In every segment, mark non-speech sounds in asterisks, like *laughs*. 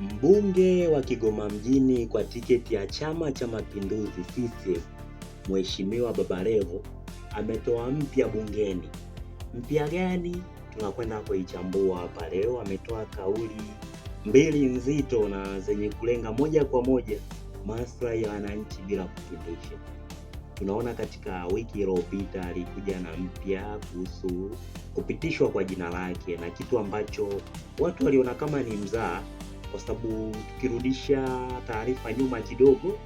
Mbunge wa Kigoma mjini kwa tiketi ya Chama cha Mapinduzi CCM Mheshimiwa Baba Levo ametoa mpya bungeni. Mpya gani? Tunakwenda kuichambua hapa leo. Ametoa kauli mbili nzito na zenye kulenga moja kwa moja maslahi ya wananchi bila kupindisha. Tunaona katika wiki iliyopita alikuja na mpya kuhusu kupitishwa kwa jina lake na kitu ambacho watu waliona kama ni mzaa kwa sababu tukirudisha taarifa nyuma kidogo,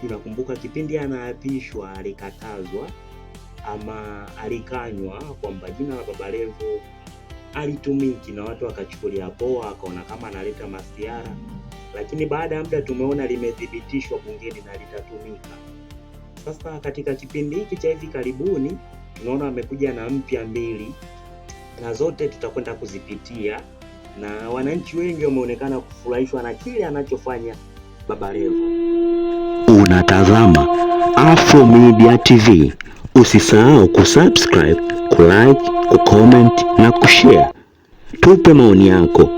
tunakumbuka kipindi anaapishwa alikatazwa ama alikanywa kwamba jina la Baba Levo alitumiki na watu wakachukulia poa, akaona kama analeta masiara, lakini baada ya muda tumeona limethibitishwa bungeni na litatumika. Sasa katika kipindi hiki cha hivi karibuni tunaona amekuja na mpya mbili, na zote tutakwenda kuzipitia na wananchi wengi wameonekana kufurahishwa na kile anachofanya Baba Levo. Unatazama Afro Media TV, usisahau kusubscribe, kulike, kucomment na kushare. Tupe maoni yako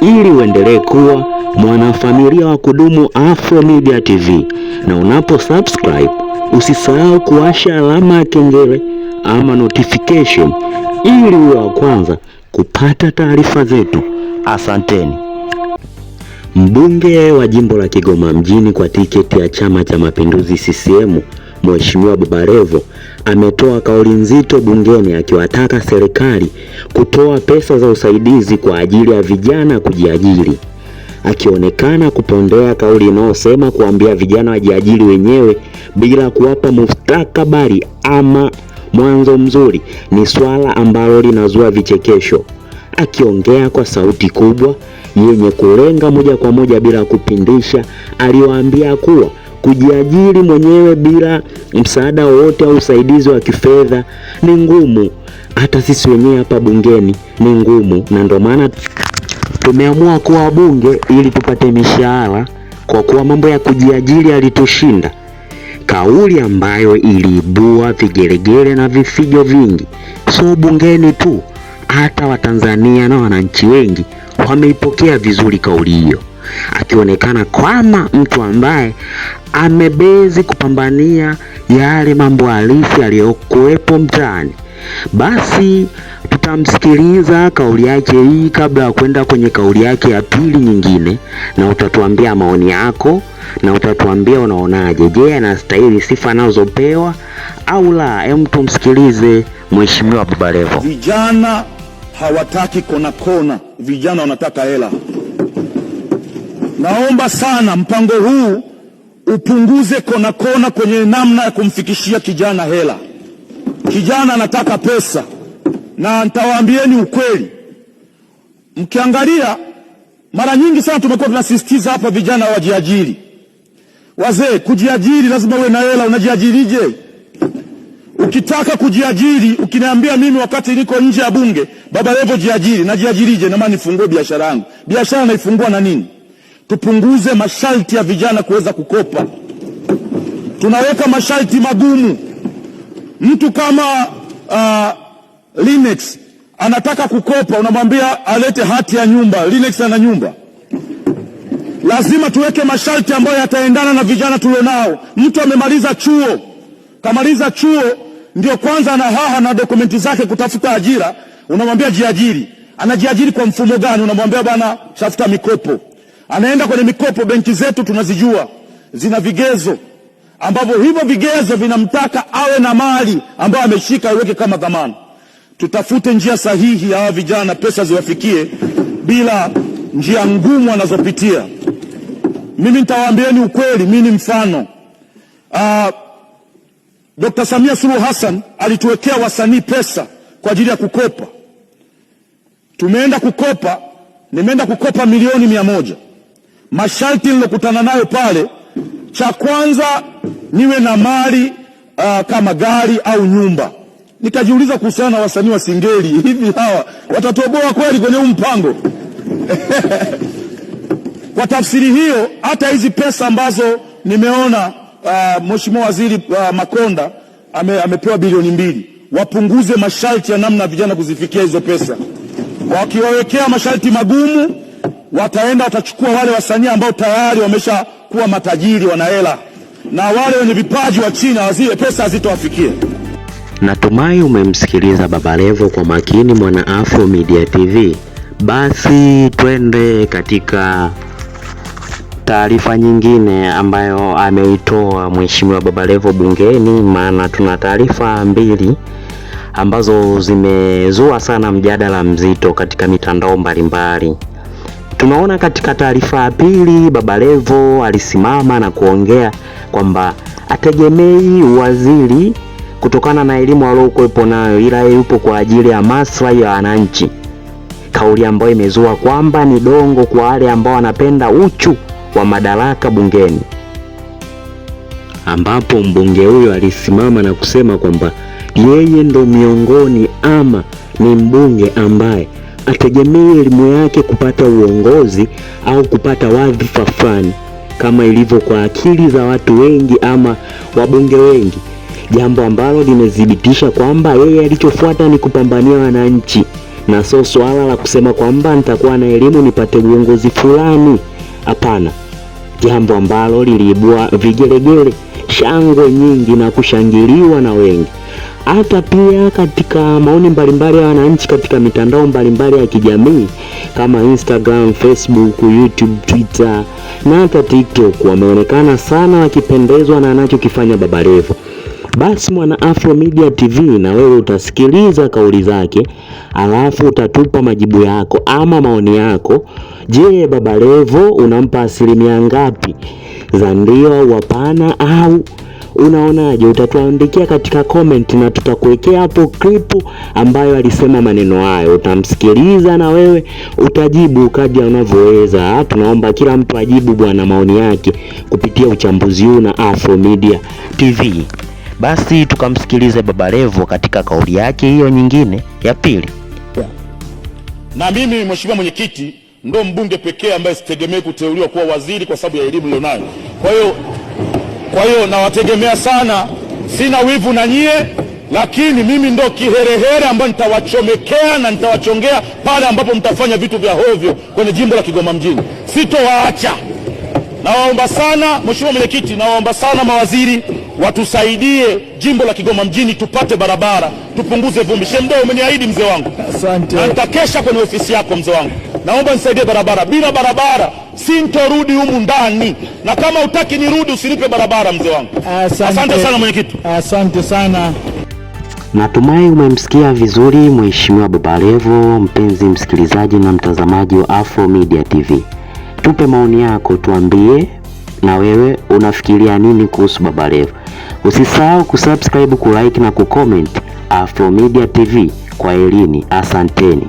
ili uendelee kuwa mwanafamilia wa kudumu Afro Media TV, na unapo subscribe usisahau kuwasha alama ya kengele ama notification ili uwe wa kwanza kupata taarifa zetu. Asanteni. Mbunge wa jimbo la Kigoma mjini kwa tiketi ya Chama cha Mapinduzi CCM Mheshimiwa Babarevo ametoa kauli nzito bungeni akiwataka serikali kutoa pesa za usaidizi kwa ajili ya vijana kujiajiri, akionekana kupondea kauli inayosema kuambia vijana wajiajiri wenyewe bila kuwapa mustakabali ama mwanzo mzuri ni swala ambalo linazua vichekesho. Akiongea kwa sauti kubwa yenye kulenga moja kwa moja bila kupindisha, aliwaambia kuwa kujiajiri mwenyewe bila msaada wowote au usaidizi wa kifedha ni ngumu. Hata sisi wenyewe hapa bungeni ni ngumu, na ndio maana tumeamua kuwa bunge ili tupate mishahara, kwa kuwa mambo ya kujiajiri alitushinda kauli ambayo iliibua vigelegele na vifijo vingi, sio bungeni tu, hata Watanzania na wananchi wengi wameipokea vizuri kauli hiyo, akionekana kama mtu ambaye amebezi kupambania yale mambo halisi yaliyokuwepo mtaani. Basi tutamsikiliza kauli yake hii kabla ya kwenda kwenye kauli yake ya pili nyingine, na utatuambia maoni yako na utatuambia unaonaje. Je, anastahili sifa anazopewa au la? Hem, tumsikilize Mheshimiwa Baba Levo. Vijana hawataki kona kona, vijana wanataka hela. Naomba sana mpango huu upunguze kona kona kwenye namna ya kumfikishia kijana hela kijana anataka pesa, na nitawaambieni ukweli, mkiangalia mara nyingi sana tumekuwa tunasisitiza hapa vijana wajiajiri. Wazee, kujiajiri lazima uwe na hela. Unajiajirije? Ukitaka kujiajiri, ukiniambia mimi wakati niko nje ya bunge, Baba Levo jiajiri, najiajirije? Na maana nifungue biashara yangu. Biashara naifungua na nini? Tupunguze masharti ya vijana kuweza kukopa, tunaweka masharti magumu. Mtu kama uh, Linux anataka kukopa, unamwambia alete hati ya nyumba. Linux ana nyumba. Lazima tuweke masharti ambayo yataendana na vijana tulionao. Mtu amemaliza chuo, kamaliza chuo ndio kwanza ana haha na dokumenti zake kutafuta ajira, unamwambia jiajiri. Anajiajiri kwa mfumo gani? Unamwambia bwana, tafuta mikopo. Anaenda kwenye mikopo, benki zetu tunazijua, zina vigezo ambavyo hivyo vigezo vinamtaka awe na mali ambayo ameshika aiweke kama dhamana. Tutafute njia sahihi ya hawa vijana, pesa ziwafikie bila njia ngumu wanazopitia. Mimi nitawaambieni ukweli, mimi ni mfano uh, ah, Dr. Samia Suluhu Hassan alituwekea wasanii pesa kwa ajili ya kukopa. Tumeenda kukopa, nimeenda kukopa milioni mia moja. Masharti nilokutana nayo pale cha kwanza niwe na mali uh, kama gari au nyumba. Nikajiuliza kuhusiana na wasanii wa Singeli, hivi hawa watatoboa kweli kwenye huu mpango? *laughs* Kwa tafsiri hiyo, hata hizi pesa ambazo nimeona uh, Mheshimiwa Waziri uh, Makonda ame, amepewa bilioni mbili, wapunguze masharti ya namna vijana kuzifikia hizo pesa. Wakiwawekea masharti magumu, wataenda watachukua wale wasanii ambao tayari wamesha kuwa matajiri, wana na wale wenye vipaji wa China zile pesa hazitowafikia. Natumai umemsikiliza Baba Levo kwa makini, mwana Afro Media TV. Basi twende katika taarifa nyingine ambayo ameitoa Mheshimiwa Baba Levo bungeni, maana tuna taarifa mbili ambazo zimezua sana mjadala mzito katika mitandao mbalimbali tunaona katika taarifa ya pili Baba Levo alisimama na kuongea kwamba ategemei waziri kutokana na elimu aliyokuwepo nayo, ila yupo kwa ajili ya maslahi ya wananchi, kauli ambayo imezua kwamba ni dongo kwa wale ambao wanapenda uchu wa madaraka bungeni, ambapo mbunge huyo alisimama na kusema kwamba yeye ndo miongoni ama ni mbunge ambaye ategemee elimu yake kupata uongozi au kupata wadhifa fulani kama ilivyo kwa akili za watu wengi ama wabunge wengi, jambo ambalo limethibitisha kwamba yeye alichofuata ni kupambania wananchi na sio swala la kusema kwamba nitakuwa na elimu nipate uongozi fulani. Hapana, jambo ambalo liliibua vigelegele shangwe nyingi na kushangiliwa na wengi. Hata pia katika maoni mbalimbali ya wananchi katika mitandao mbalimbali ya kijamii kama Instagram, Facebook, YouTube, Twitter na hata TikTok wameonekana sana wakipendezwa na anachokifanya Baba Levo. Basi mwana Afro Media TV, na wewe utasikiliza kauli zake, alafu utatupa majibu yako ama maoni yako. Je, Baba Levo unampa asilimia ngapi? za ndio, wapana au unaonaje? Utatuandikia katika comment na tutakuwekea hapo clip ambayo alisema maneno hayo. Utamsikiliza na wewe utajibu kadri unavyoweza. Tunaomba kila mtu ajibu bwana maoni yake kupitia uchambuzi huu na Afro Media TV. Basi tukamsikilize Baba Levo katika kauli yake hiyo nyingine ya pili. Na mimi mheshimiwa mwenyekiti, ndo mbunge pekee ambaye sitegemei kuteuliwa kuwa waziri kwa sababu ya elimu nilionayo. Kwa hiyo kwa hiyo nawategemea sana, sina wivu na nyie, lakini mimi ndo kiherehere ambayo nitawachomekea na nitawachongea pale ambapo mtafanya vitu vya hovyo kwenye jimbo la Kigoma mjini, sitowaacha. Nawaomba sana, Mheshimiwa Mwenyekiti, nawaomba sana mawaziri watusaidie jimbo la Kigoma mjini tupate barabara, tupunguze vumbi. Shemdo, umeniahidi mzee wangu, asante. Nitakesha kwenye ofisi yako mzee wangu, naomba nisaidie barabara. Bila barabara sintorudi humu ndani, na kama utaki nirudi usinipe barabara mzee wangu. Asante, asante sana mwenyekiti, asante sana. Natumai umemsikia vizuri mheshimiwa Baba Levo. Mpenzi msikilizaji na mtazamaji wa Afro Media TV, tupe maoni yako, tuambie na wewe unafikiria nini kuhusu Baba Levo? Usisahau kusubscribe, kulike na kucomment. Afro Media TV kwa elini, asanteni.